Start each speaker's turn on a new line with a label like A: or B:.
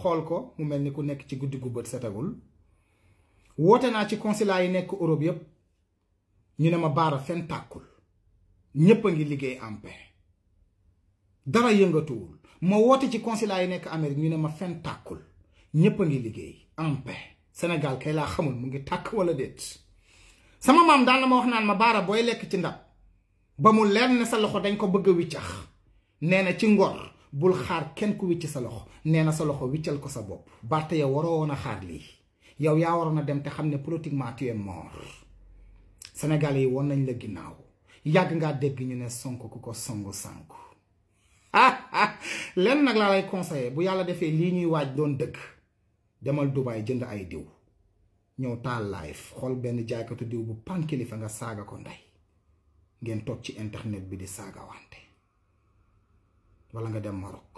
A: xool ko mu mel ni ku nekk ci guddi gu bët setagul woote naa ci consulat yi nekk Europe yëpp ñu ne ma baara fenn tàkkul ñépp ngi liggéey en paix dara yëngatuwul ma woote ci consulat yi nekk Amérique ñu ne ma fenn tàkkul ñépp ngi liggéey en paix Sénégal kay laa xamul mu ngi tàkk wala déet sama maam daan na ma wax naan ma baara booy lekk ci ndab ba mu leer ne sa loxo dañ ko bëgg a wiccax nee na ci ngor bul xaar kenn ku wicc sa loxo nee na sa loxo wiccal ko sa bopp Barth yow waroo woon a xaar lii yow yaa waroon a dem te xam ne politiquement tu es mort yi woon nañ la ginnaaw yàgg nga dégg ñu ne Sonko ku ko songu sànku lenn nag laa lay conseiller bu yàlla defee lii ñuy waaj doon dëkk demal Dubaay jënd ay diw ñëw taal live xool benn jaaykatu diw bu pankilifa nga saaga ko ndey ngeen toog ci internet bi di saagawante wala nga dem Maroc